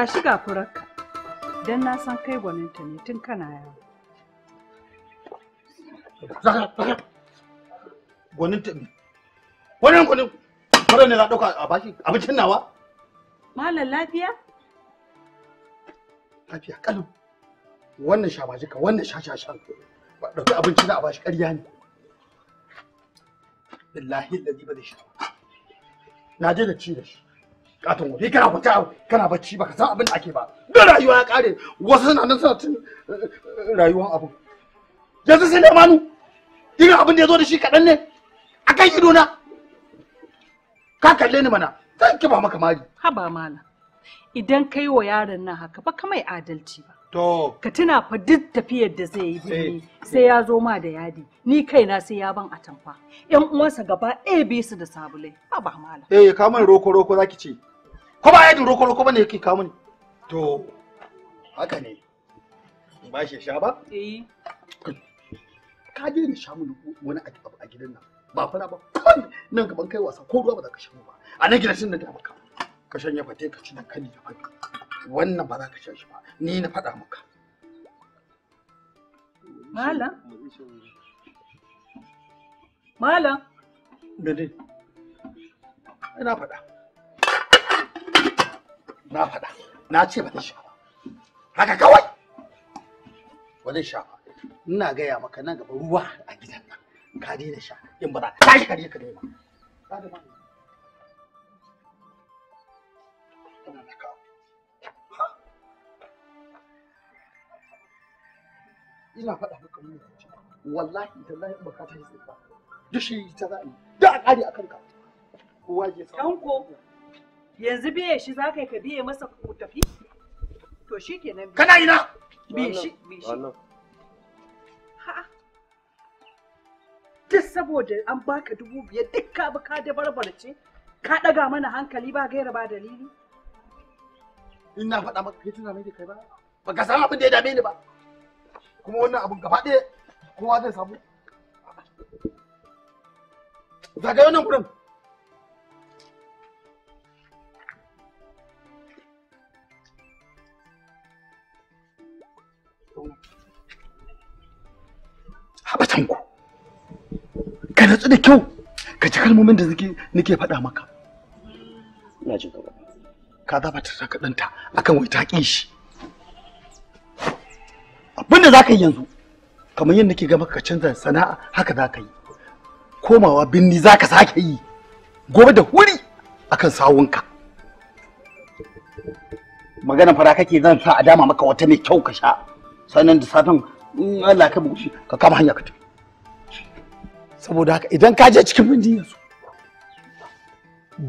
Tashi ga furarka, don na san kai gwaninta ne tun kana yawa. Gwaninta ne? gwanin gwanin fara ne na ɗauka a baki abincin nawa? Malam lafiya? Lafiya kalu, Wannan shamajika, wannan shashashan. Ba ɗauki abinci na a bashi ƙarya ne. Billahi lalli ba zai sha ba. Na je da ci da shi. katon wuri kana kwata kana bacci baka san abin da ake ba don rayuwa ya kare wasu suna nan suna tun eh, rayuwar abu yanzu sai da manu irin abin da ya zo da shi kaɗan ne a kan ido na ka kalle ni mana zan kiba maka mari haba mala idan kai wa yaron nan haka ba ka mai adalci ba to ka tuna fa duk tafiyar da zai yi birni sai ya zo ma da yadi ni kaina sai ya ban atamfa yan uwansa gaba ɗaya bisu da sabulai ba haba mala eh ka man roko roko zaki ce ko ba ya duro roko roko bane yake kawo mini to haka ne in ba shi sha ba eh ka je ni sha mini wani abu a gidan nan ba fara ba nan gaban kai wasa ko ruwa ba za ka sha ba a nan gidan sun da ka ka shanya fate ka ci kani da fate wannan ba za ka sha shi ba ni na faɗa maka Malam. Malam. Dade. Ina faɗa. na faɗa na ce ba zai sha ba haka kawai ba zai sha ba ina gaya maka nan gaba ruwa a gidan nan ka daina sha in ba za ka shi ka je ka daina ina faɗa maka mun wallahi da in baka ta yi tsaye ba duk shi ta za'a yi da a ƙari a kanka kowa je kanko yanzu biye shi za ka yi ka biye masa ku tafi to shi kenan kana ina bi shi bi shi duk saboda an baka dubu biyar duk ka bi ka da barbarce ka daga mana hankali ba gaira ba dalili ina faɗa maka kai tuna mai da kai ba ba ka san abin da ya dame ni ba kuma wannan abin gaba ɗaya kowa zai samu zagayo nan gurin ka natsu da kyau ka ji kalmomin da nake faɗa maka ina jin ka ka zaba ta saka ɗanta akan wai ta ƙin shi abinda za ka yi yanzu kamar yadda nake ga maka ka canza sana'a haka za ka yi komawa binni za ka sake yi gobe da Huri, akan sawunka magana fara kake zan sa a dama maka wata mai kyau ka sha sannan da satan. in Allah ka shi ka kama hanya ka tafi saboda haka idan ka je cikin bindin yanzu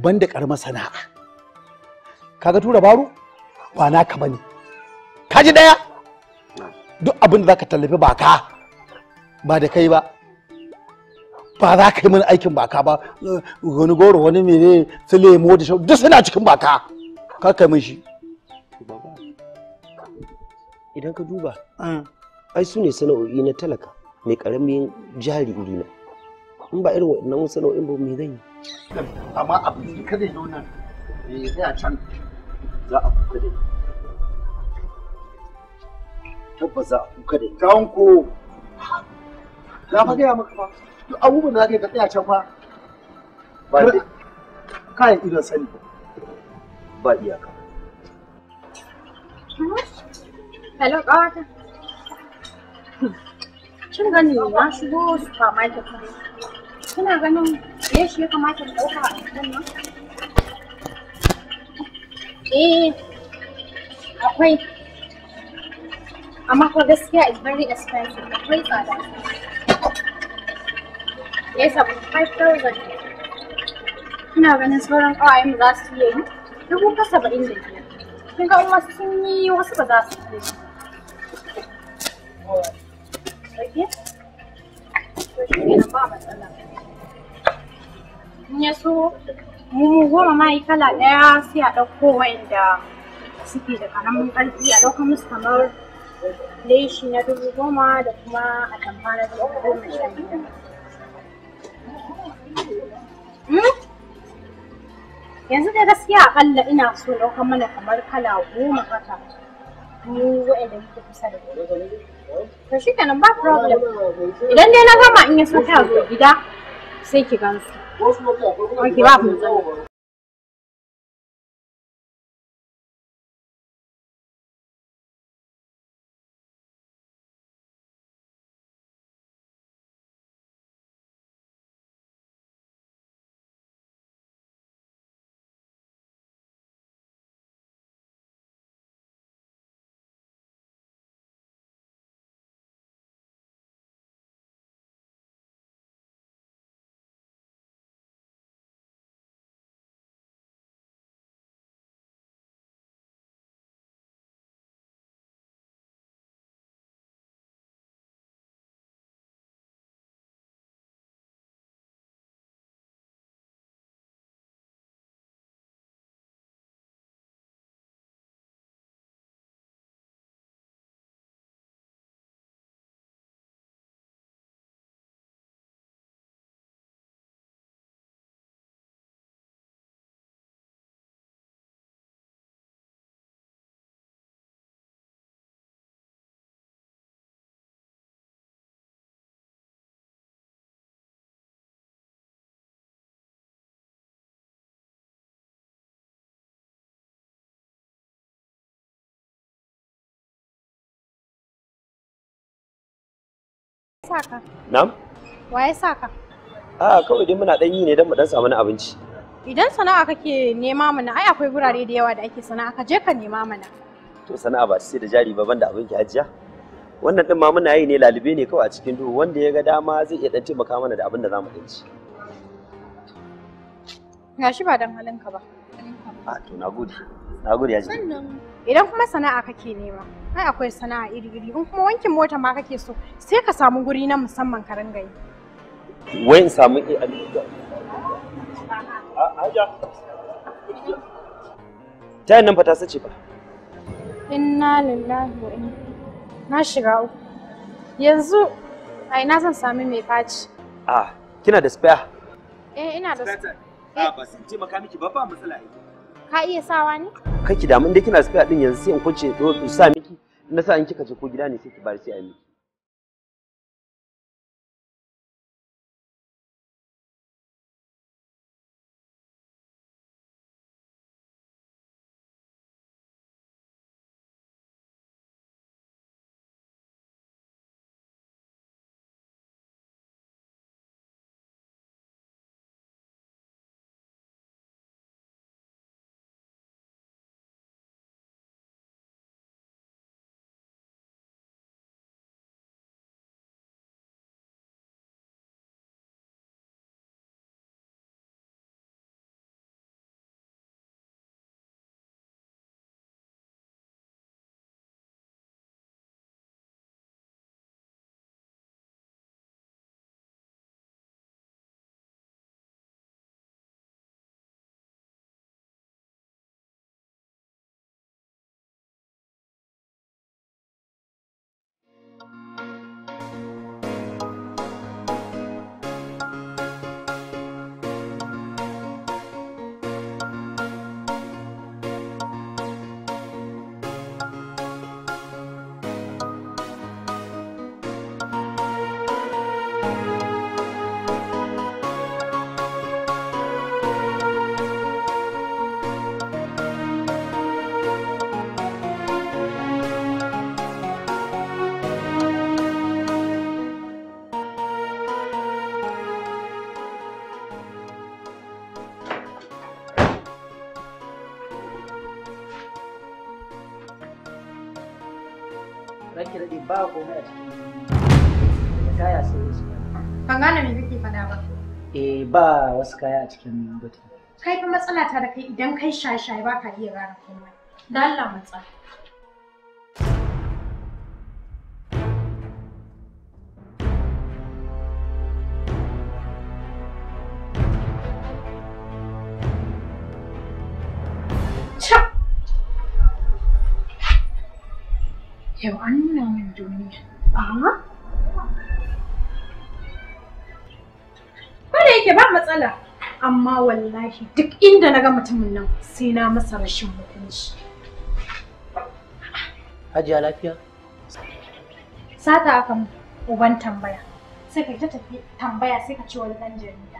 banda karamar sana'a kaga tura baro ba naka bane ka ji daya duk abin da zaka tallafi ba ka ba da kai ba ba za ka yi mini aikin baka ba wani goro wani mene su lemo da shau duk suna cikin baka ka kai min shi idan ka duba mm. ai su ne sana'o'i na talaka mai karamin jari irina in ba irin waɗannan sana'o'in ba mai zai yi amma abin kada yi wannan ya can za a kuka da tabbas za a kuka da ko na fa gaya maka ba duk abubuwan da ka tsaya can fa ba kayan idon sani ba iyaka Hello, ƙawata. Kin gani na shigo supermarket ne. Kina ganin me shi ya kamata da ɗauka a cikin nan? Eh, akwai. Amma ko gaskiya is very expensive. Akwai tsada. Yes, abu 5,000. Kina ganin sauran ƙawayen za su iya yi? Dubu ka saba'in da biyar. Kin ga wasu sun yi wasu ba za su iya yi. sake to shi ne ya so mu goma ma yi kala ɗaya sai a ɗauko wa'inda suke da ƙaramin ƙarfi a ɗauka musu kamar leshi na dubu goma da kuma a tamfa na dubu goma sha biyar. Hmm? Yanzu da gaskiya akalla ina so ɗaukar mana kamar kala goma haka mu waɗanda muke kusa da gari. to shi kenan ba problem idan dai na gama in ya so ta zo gida sai ki gansu. mu sa ka? Na'am? Waye sa ka? A kawai dai muna ɗan yi ne don mu ɗan samu na abinci. Idan sana'a kake nema mana ai akwai gurare da yawa da ake sana'a ka je ka nema mana. To sana'a ba sai da jari ba banda abin ki ajiya? Wannan din ma muna yi ne lalube ne kawai a cikin duhu wanda ya ga dama zai iya ɗan taimaka mana da abin da za mu dan ci. shi ba dan halinka ba. A to nagode. Nagode ya ji. Sannan idan kuma sana'a kake nema ai akwai sana'a iri-iri in kuma wankin mota ma kake so sai ka samu guri na musamman ka ringa yi wai in samu a haja ta nan fa ta sace ba. inna lillahi wa inna na shiga uku yanzu a ina zan sami mai faci ah kina da spare eh ina da spare ah ba sai maka miki ba ba matsala ai Ka iya sawa ne? Kai ki damu inda kina spare din yanzu sai in kunce to sa miki. Na sa in kika ce ko gida ne sai ki bari sai a miki. ba komai a cikin da kaya sai wasu ban gane me kake faɗa ba eh ba wasu kaya a cikin batun kai fa matsala ta da kai idan kai shaye-shaye ba ka iya gane komai da Allah matsala Yau an A'a. yake ba matsala. Amma wallahi duk inda na ga mutumin nan sai na masa rashin mutunci. Hajiya lafiya? Sata aka uban tambaya. Sai ka ta tafi tambaya sai ka ce wani ɗan jarida.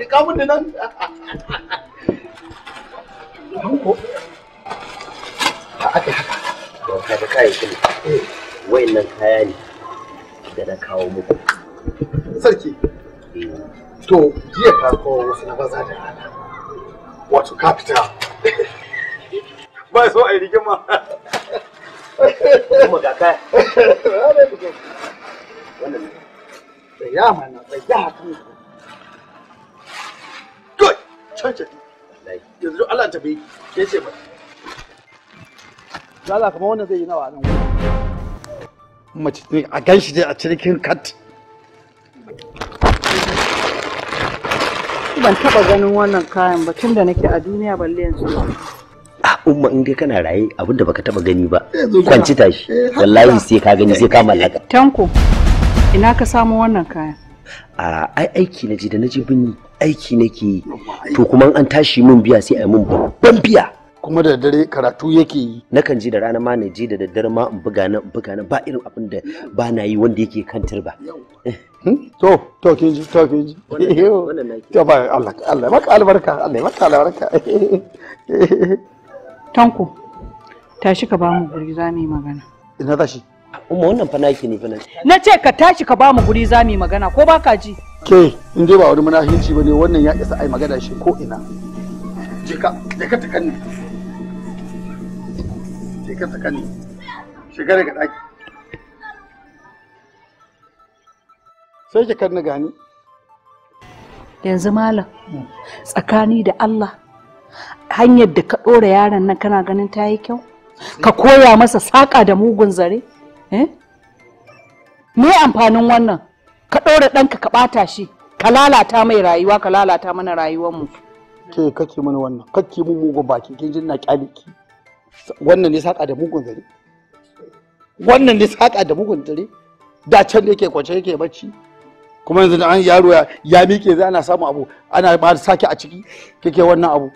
da kamun nan a aka haka wata kaya ne da na kawo muku sarki eh. to jiya ka kawo wasu na baza da rana wato ka fita ba so a yi rigima kuma ga kaya wannan ya mana tsaya kan can tafi yanzu Allah tafi ya ce ba Lala kamar wannan zai yi nawa nan mace a gan shi dai a cikin kat ban taba ganin wannan kayan ba tun da nake a duniya balle yanzu ah, umma in dai kana raye abin da baka taba gani ba eh, kwanci tashi eh, wallahi sai ka gani sai ka mallaka tanko ina ka samu wannan kayan a ah, ai aiki na ji da na ji binni aiki nake yi to kuma an tashi mun biya sai a mun babban biya kuma da dare karatu yake yi nakan ji da rana ma na ji da daddare ma in buga na buga na ba irin abin da ba na yi wanda yake kantar ba hmm? to to ke ji to ke ji to ba Allah Allah maka albarka Allah maka albarka tanko tashi ka ba mu guri za mu yi magana ina tashi umma wannan fa naki ne fa na ce ka tashi ka ba mu guri za mu yi magana ko ba ka ji ke in dai ba wani munafinci ba ne wannan ya isa ai magana shi ko ina je ka je ka takan ne je ka takan ne shiga daga daki sai ki kan gani yanzu malam hmm. tsakani da Allah hanyar da ka ɗora yaron nan kana ganin ta yi kyau ka koya masa saƙa da mugun zare eh? me amfanin wannan ka ɗora ɗanka ka ɓata shi ka lalata mai rayuwa ka lalata mana rayuwar mu ke kake mana wannan kake mun mugun baki kin jin na kyale ki wannan ne saka da mugun dare. wannan ne saka da mugun dare, da can yake kwance yake bacci kuma yanzu da an yaro ya miƙe zai ana samu abu ana ba sake a ciki kike wannan abu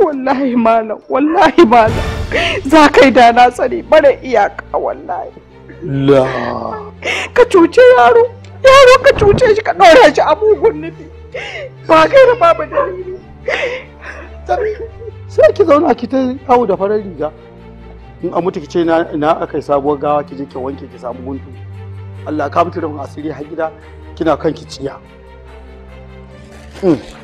wallahi malam wallahi malam za kai da na sani bare iyaka wallahi la ka cuce yaro Yaron ka cuce shi ka ɗora shi a mugun nufi ba da babu dalili sai ki zauna ki ta yawo da farar riga in a mutu ki ce na aka yi sabuwar gawa ki je ki wanke ki samu guntu Allah ka mutu da asiri har gida kina kan ki tsiya hmm.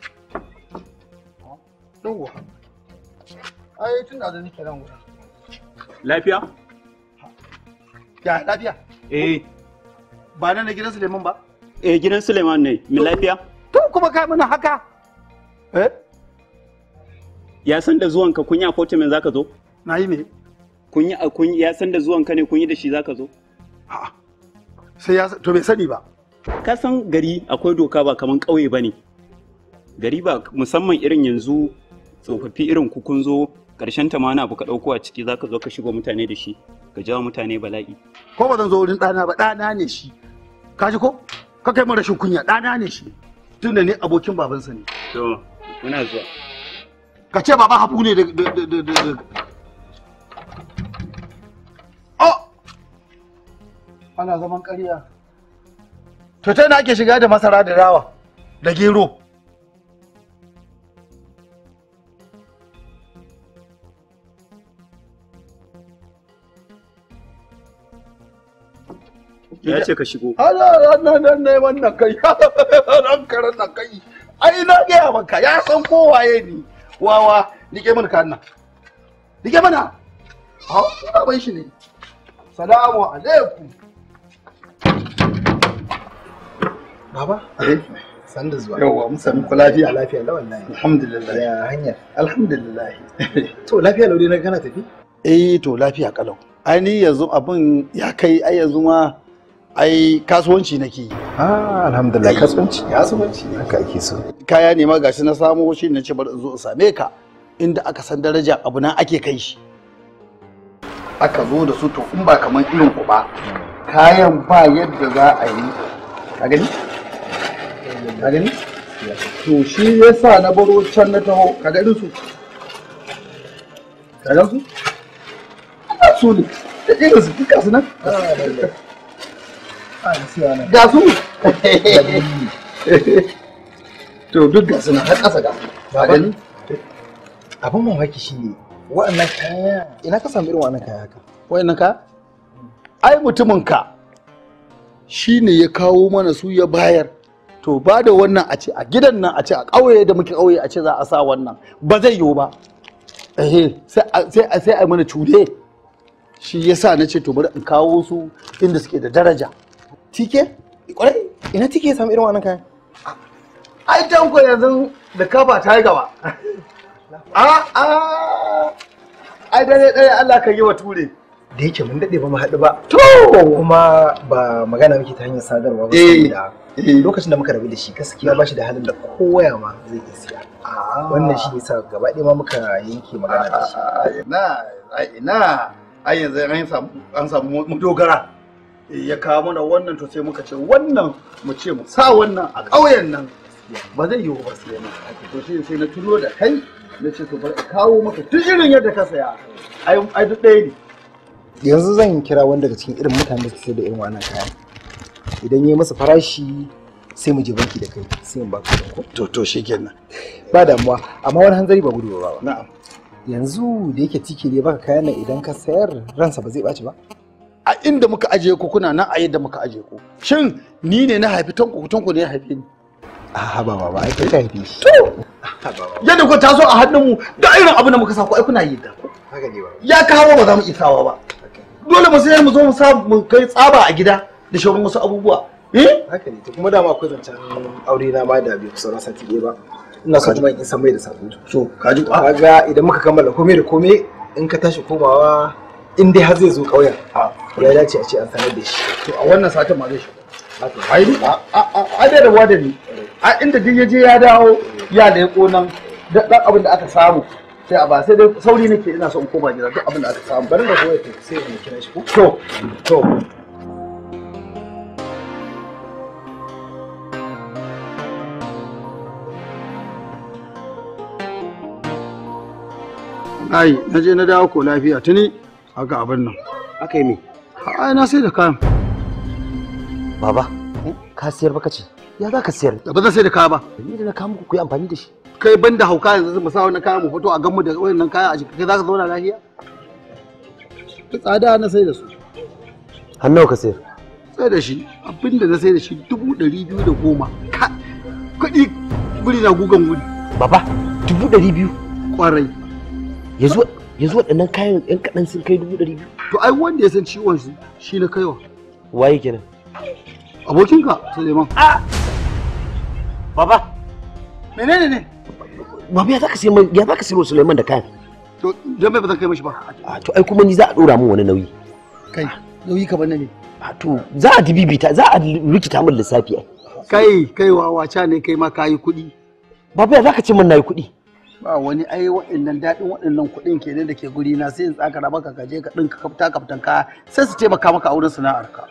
yawwa ai tun da nake nan wurin lafiya ya lafiya eh ba nan na gidan Suleiman ba eh gidan Suleiman ne mi lafiya to kuma kai mana haka eh ya san da zuwan ka kun yi appointment zaka zo na yi me kun yi kun ya san da zuwan ka ne kun yi da shi zaka zo a'a sai ya to bai sani ba ka san gari akwai doka ba kaman kauye bane gari ba musamman irin yanzu tsofaffi irin ku kun zo karshen ta ma na abu ka ɗauko a ciki zaka zo ka shigo mutane da shi ka jawo mutane bala'i ko ba zan zo wurin ɗana ba ɗana ne shi ka ji ko ka kai rashin kunya ɗana ne shi tun da ni abokin babansa ne to muna zuwa ka ce baba hafu ne da oh ana zaman ƙarya to ta ina ake shiga da masara da rawa da gero ya ce ka shigo Ana ranar ne wannan kai ran karan nan kai ai na gaya maka ya san ko waye ni wawa nike mun kan nan nike mana ha ina bai shi ne salamu alaikum baba eh? san da zuwa yawa mun sami ku lafiya lafiya la wallahi alhamdulillah ya hanya alhamdulillah to lafiya lau na kana tafi eh to lafiya kalau ai ni yanzu abin ya kai ai yanzu ma ai kasuwanci nake yi ah alhamdulillah kasuwanci kasuwanci haka ake so kaya ne ma gashi na samo shi ne ce bari in zo in same ka inda aka san daraja abu nan ake kai shi aka zo da su to in ba kamar irin ku ba kayan ba yadda za a yi ka gani ka gani to shi yasa na baro can na taho ka gani su ka gani su ana so ne da irin su duka su nan ah, ga su to duk ga suna har ƙasa ga ba gani abin mamaki shi shine wa'annan kaya ina ka samu irin wa'annan kaya haka wa'annan ka ai mutumin ka Shi ne ya kawo mana su ya bayar to ba da wannan a ce a gidan nan a ce a ƙauye da muke ƙauye a ce za a sa wannan ba zai yiwu ba eh, sai a mana cude shi ya sa na ce to bari in kawo su inda suke da daraja tike kwarai ina tike ya samu irin wannan kayan ai tanko yanzu da kafa ta yi gaba a a ai dare dare Allah ka yi wa ture da yake mun dade ba mu haɗu ba to kuma ba magana muke ta hanyar sadarwa ba eh, saboda eh. lokacin da muka rabu da shi gaskiya ba shi da halin da koya ma zai iya siya ah. wannan shi yasa gaba ɗaya ma muka yanke magana da shi ah, ina ai ina ai yanzu an samu an samu dogara ya kawo mana wannan to sai muka ce wannan mu ce mu sa wannan a ƙauyen nan ba zai yiwu ba sai to shi sai na tuno da kai na ce to bar kawo maka duk irin yadda ka saya ai ai duk ɗaya ne yanzu zan kira wanda daga cikin irin mutanen da suke sayar da irin wannan kayan idan yayi masa farashi sai mu je banki da kai sai mu baka kuɗin ko to to shikenan ba damuwa amma wani hanzari ba gudu ba na'am yanzu da yake ciki ne baka kayan nan idan ka sayar ransa ba zai ɓaci ba a inda muka ajiye ku kuna nan a yadda muka ajiye ku shin ni ne na haifi tanku tanku ne ya haife ni a ba ba ai kai ka haife shi to yadda ku taso a hannun mu da irin abin da muka sa ku ai kuna yi da ya kawo ba za mu isawa ba dole mu sai mu zo mu sa mu kai tsaba a gida da shauran wasu abubuwa eh haka ne to kuma dama akwai zancen aure na ma da ku kusa sati ɗaya ba ina so kuma in san mai da sako so kaji kaga idan muka kammala komai da komai in ka tashi komawa in dai har zai zo ƙauyen ya dace a ce an sanar da shi to a wannan satin ma zai shigo ai ni a da rabuwa da ni a inda duk ya je ya dawo ya leƙo nan da ɗan abin da aka samu sai a ba sai dai sauri nake ina so in koma gida duk abin da aka samu bari na koyar sai in kira shi to to Ai, na je na dawo ko lafiya tuni haka abin nan aka yi me ai na sai da kayan baba ka sayar baka ce ya za ka siyar ba zan sai da kaya ba ni da na kama ku yi amfani da shi kai ban da hauka yanzu mu sa wannan kaya mu fito a gan da wannan kaya a jiki kai za ka zauna lafiya tsada na sai da su har nawa ka sayar sai da shi abinda na sai da shi dubu ɗari biyu da goma kuɗi guri na gugan guri baba dubu ɗari biyu ƙwarai yanzu yanzu waɗannan kayan yan kaɗan sun kai dubu ɗari biyu to ai wanda ya san ciwon su shi na kaiwa waye kenan abokinka suleiman a baba menene ne baba ya zaka sai man ya zaka sai suleiman da kayan to dan bai ba zan kai mishi ba a to ai kuma ni za a dora min wani nauyi kai nauyi kamar na ne a to za a dibibita za a rikita min lissafi ai kai kai wawaca ne kai ma kayi kuɗi baba ya zaka ce min nayi kuɗi ba wani ai waɗannan daɗin waɗannan kuɗin kenan da ke guri na sai in tsakara maka ka je ka ɗinka kafta kaftan ka sai su taimaka maka a wurin sana'ar ka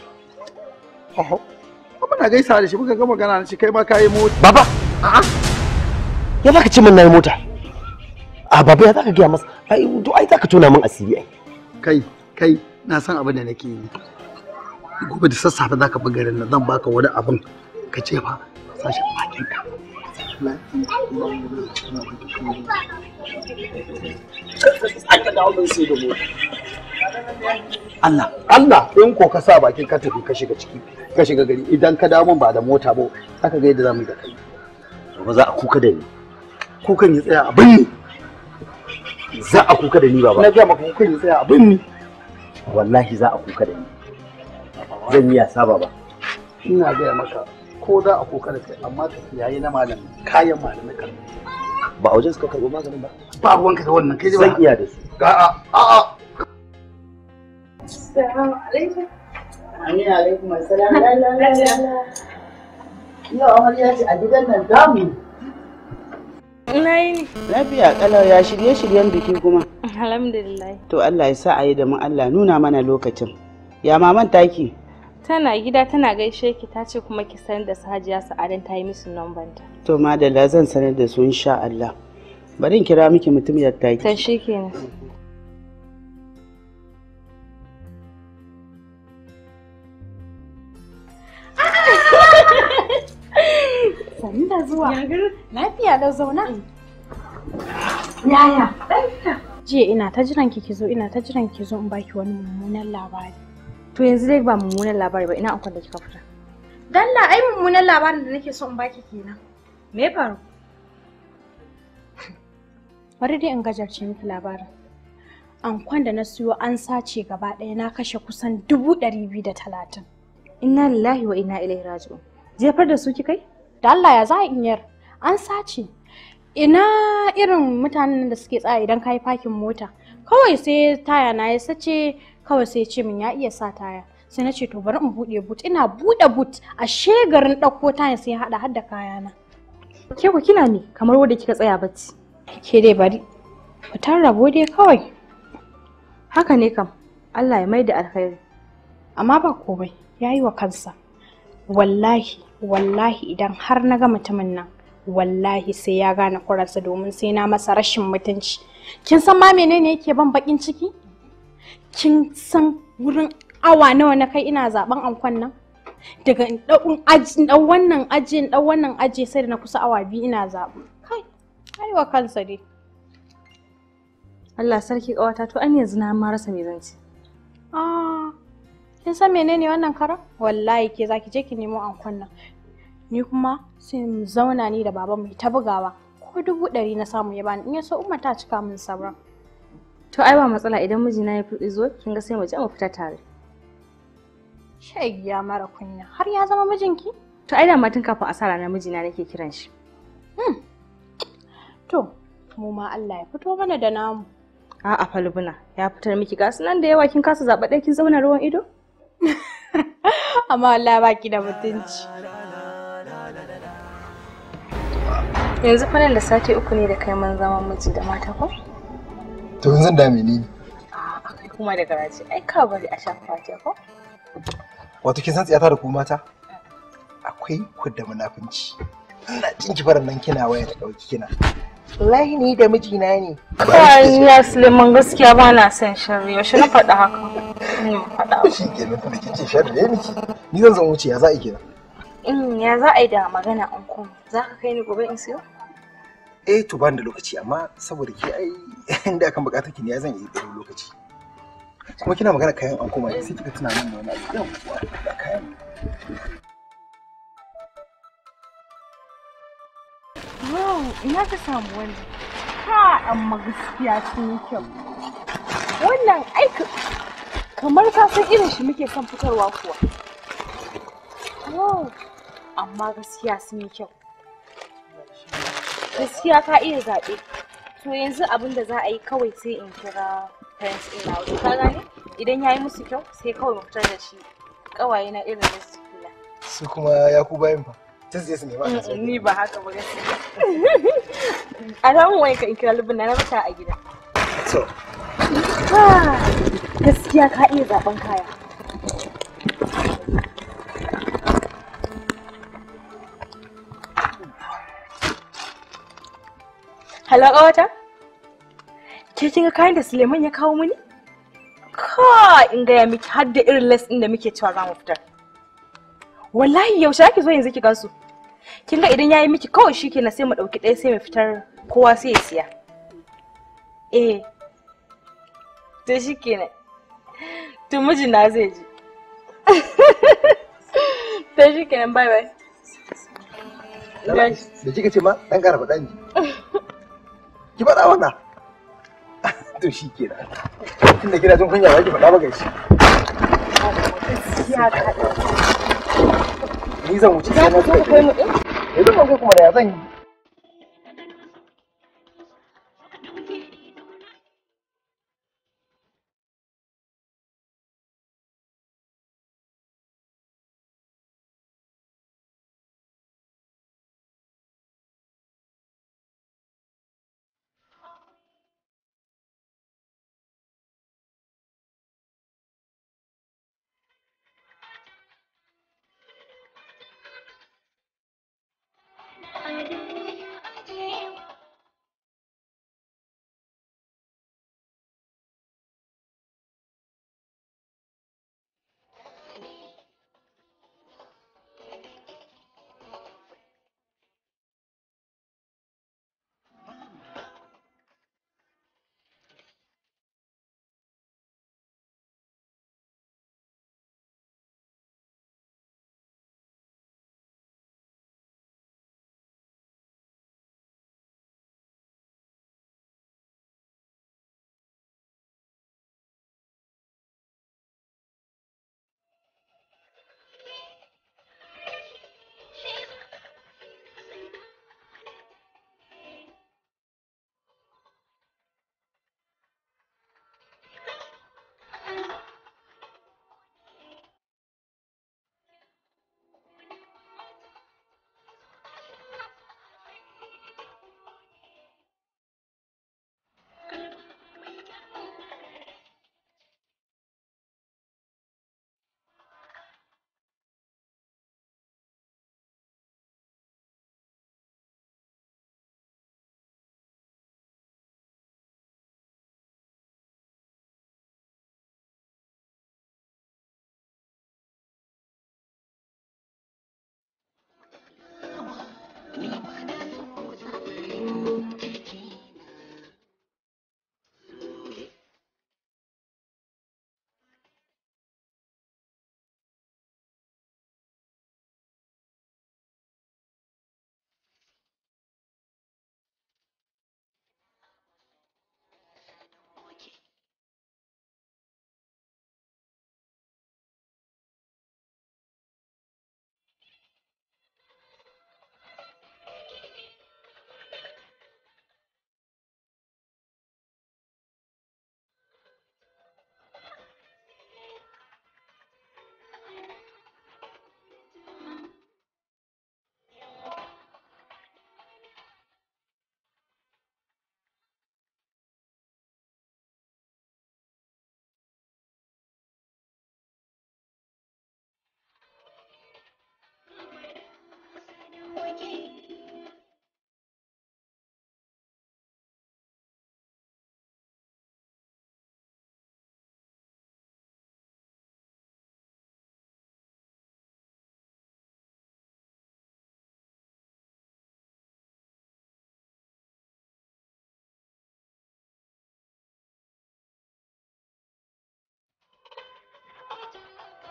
ba muna gaisa da shi muka ga magana na shi kai ma ka yi mota baba a'a ya zaka ce min na yi mota a baba ya zaka gaya masa ai to ai zaka tona min asiri ai kai kai na san abin da nake yi gobe da sassafe zaka bi garin nan zan baka wani abin ka ce fa sashen bakin ka Allah Allah in ko ka sa bakin ka tafi ka shiga ciki ka shiga gari idan ka dawo ba da mota ba aka ga yadda zamu yi da kai ba za a kuka da ni kukan ya tsaya abin ni za a kuka da ni baba na ga maka kukan ya tsaya abin ni wallahi za a kuka da ni zan yi yasa baba ina ga maka ko za a kokar kai amma yayi na malami kayan malamin kan ba a wajen suka karɓi maganin ba ba ruwan ka wannan kai zai iya da su a a a Assalamu alaikum. Amin alaikum assalam. Yau ce a gidan nan damu. Nayi ne. Lafiya kalau ya shirye shiryen biki kuma. Alhamdulillah. To Allah ya sa a yi da mu Allah nuna mana lokacin. Ya maman taki. tana gida tana gaishe ki ta ce kuma ki sanar da su hajiya ta yi musu lambanta. to madalla zan sanar da su insha Allah bari in kira miki mutum ya ta ta shikenan Sani da zuwa. Lafiya da zauna. Mm. Yaya? Jiya ina ta jiran ki zo ina ta jiran ki zo in baki wani mummunan labari. To yanzu dai ba mummunan labari ba ina ankon da kika fita. Dalla ai mummunan labarin da nake so in baki kenan. Me faru? Bari dai in gajarce miki labarin. Ankon da na siyo an sace gaba ɗaya na kashe kusan dubu ɗari biyu da talatin. Inna lillahi wa inna ilaihi raji'un. Jefar da su kai? Da Allah ya za a inyar. An sace. Ina irin mutanen da suke tsaya idan ka yi fakin mota. Kawai sai taya na ya sace kawai sai ya ce min ya iya sa taya sai na ce to bari in buɗe but ina buɗe but a shegarin ɗauko taya sai haɗa har da kayana ke ku kina ne kamar wanda kika tsaya bacci ke dai bari Ku rabo dai kawai haka ne kam Allah ya mai da alkhairi amma ba komai ya yi wa kansa wallahi wallahi idan har na ga mutumin nan wallahi sai ya gane kurarsa domin sai na masa rashin mutunci kin san ma menene yake ban bakin ciki kin san wurin awa nawa na kai ina zaben ankon nan daga aji ɗau wannan aji in wannan aji sai da na kusa awa biyu ina zaɓi kai kai wa kansa dai Allah sarki ƙawata to an yanzu na ma rasa me zan ci ah kin san menene wannan kara wallahi ke zaki je ki nemo ankon nan ni kuma sai mu zauna ni da baban mu ta bugawa ko dubu ɗari na samu ya bani in ya so umma ta cika min sauran To ai ba matsala idan mijina ya fi zo kin ga sai mu je mu fita tare. Shayya mara kunya har ya zama mijinki? To ai da tun kafin a sara na mijina nake kiran shi. Hmm. To mu ma Allah ya fito mana da namu. A'a falbuna ya fitar miki gasu nan da yawa kin kasa zaɓa ɗaya kin zauna ruwan ido? Amma Allah ya baki da mutunci. Yanzu fa nan da sati uku ne da kai mun zama miji da mata ko? To yanzu da menene? Kuma da garaje. Ai ka bari a shafa fatiya ko? Wato kin san tsiyata da ku mata? Akwai ku da munafunci. Ina jin ki kifaran nan kina waya da dauki kina. Wallahi ni da mijina ne. Kai ya Suleiman gaskiya ba na son sharri. Yaushe na faɗa haka? Ni ba faɗa. Shi ke nan da kike sharri ne miki. Ni zan zan wuce ya za a yi kenan. In mm, ya za a yi da magana an kuma. Za ka kai ni gobe in siyo? eh to bani da lokaci amma saboda ke ai inda akan bukatar ki ne zan yi ɗan lokaci kuma kina magana kayan an koma sai kika tuna min da wani abu yau da kayan Wow, ina ka samu wani. Ha, amma gaskiya sun yi kyau. Wannan aika kamar ka san irin shi muke kan fitarwa kuwa. Wow, amma gaskiya sun yi kyau. gaskiya ka iya zaɓe to yanzu abin da za a yi kawai sai in kira parents in law ka gane idan ya yi musu kyau sai kawai mu fitar da shi kawaye na irin su kula su kuma ya ku bayan fa tun zai su nema a ni ba haka ba gaskiya a ran wai ka in kira lubin na rubuta a gida to ah, gaskiya ka iya zaben kaya Hello ƙawata? Ke kin ga kayan da Suleiman ya kawo mini? Ka in gaya miki har da irin les ɗin da muke cewa za mu fitar. Wallahi yaushe ake zo yanzu ki gansu. Kin ga idan yayi miki kawai shi kenan sai mu ɗauki ɗaya sai mu fitar kowa sai ya siya. Eh. To shi kenan. To na zai ji. To shi kenan bye bye. Da kika ce ma ɗan ƙara faɗa ne. ki faɗa mana to shi ke da tunda kina jin kunya ba ki faɗa ba shi ni zan wuce sai na kai ni zan kai kuma da ya zan yi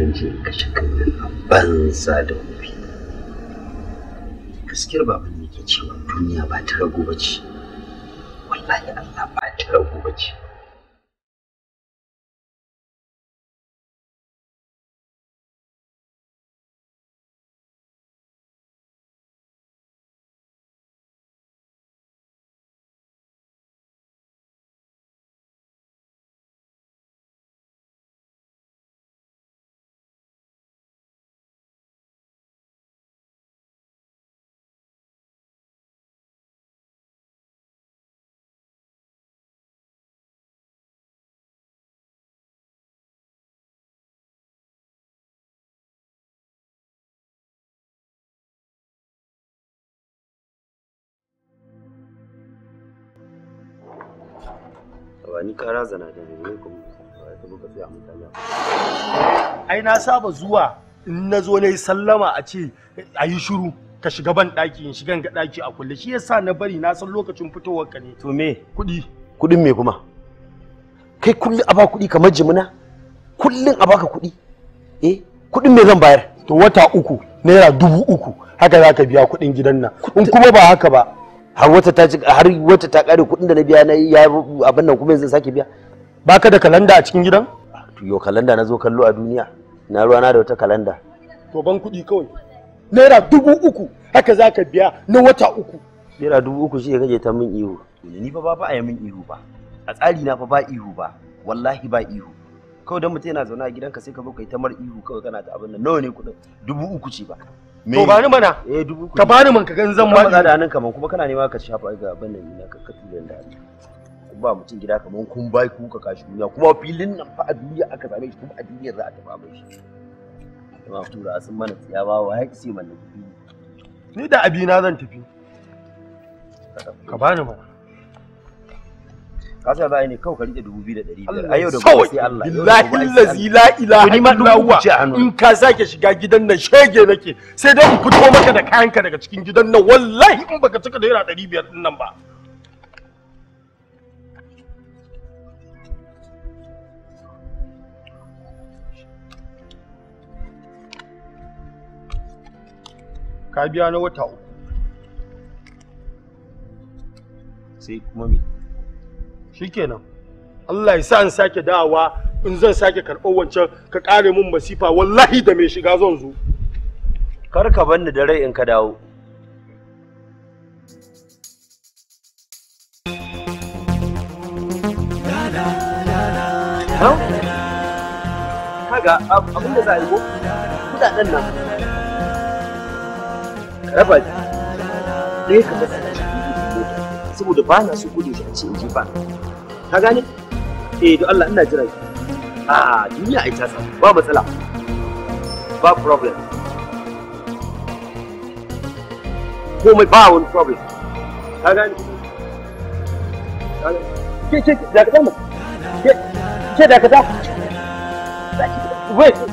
zance je kashe a banza da wofi gaskiyar baban ne ke cewa duniya ba ta rago ba ce wallahi Allah ba ta rago ba ce ni kara zana da ne kuma ba ka tsaya mutane ai na saba zuwa in na zo na yi sallama a ce a yi shiru ka shiga ban ɗaki in shiga ga ɗaki a kulle shi yasa na bari na san lokacin fitowar ka ne to me kuɗi kuɗin me kuma kai kullum a ba kuɗi kamar jimina kullum a baka kuɗi eh kuɗin me zan bayar to wata uku naira dubu uku haka za ka biya kuɗin gidan nan in kuma ba haka ba har wata ta har wata ta kare kuɗin da na biya na ya abin nan kuma yanzu sake biya baka da kalanda a cikin gidan yo kalanda na zo kallo a duniya na ruwana da wata kalanda to ban kuɗi kawai naira dubu uku haka zaka biya na wata uku naira dubu uku shi kaje ta min ihu ni fa ba ba a min ihu ba a tsari na fa ba ihu ba wallahi ba ihu kawai dan mutum yana zaune a gidanka sai ka zo kai ta mar ihu kawai kana ta abin nan nawa ne kuɗin dubu uku ce ba to bani mana eh, ka bani man ka gan zan bani da nan kaman kuma kana nema ka shafa ga abin nan ina ka katulin da ba mutum gida kaman kun bai ku ka kashi duniya kuma filin nan fa a duniya aka same shi kuma a duniyar za a taba mai shi ma tura sun mana tsiya ba wa haƙi sai mallaki ni da abina zan tafi ka bani mana kasa za ne kawai ka dubu biyu da ɗari biyar a yau da sai Allah la ilaha illallah in ka sake shiga gidan nan shege nake sai dai maka da kayanka daga cikin gidan nan wallahi baka cika ɗari ba na wata uku sai kuma me shikenan Allah ya sa in sake dawowa in zan sake karɓar wancan ka ƙare min masifa wallahi da mai shiga zan zo kar ka ni da rai in ka dawo kaga abin da za a yi kudaden nan raba ɗaya eh, ka saboda ba na so shi a cikin in ka gane eh don Allah ina jira a duniya ai ta samu ba matsala ba problem mai ba wani problem ka gane ke ce da ka ke ce da ka ta wait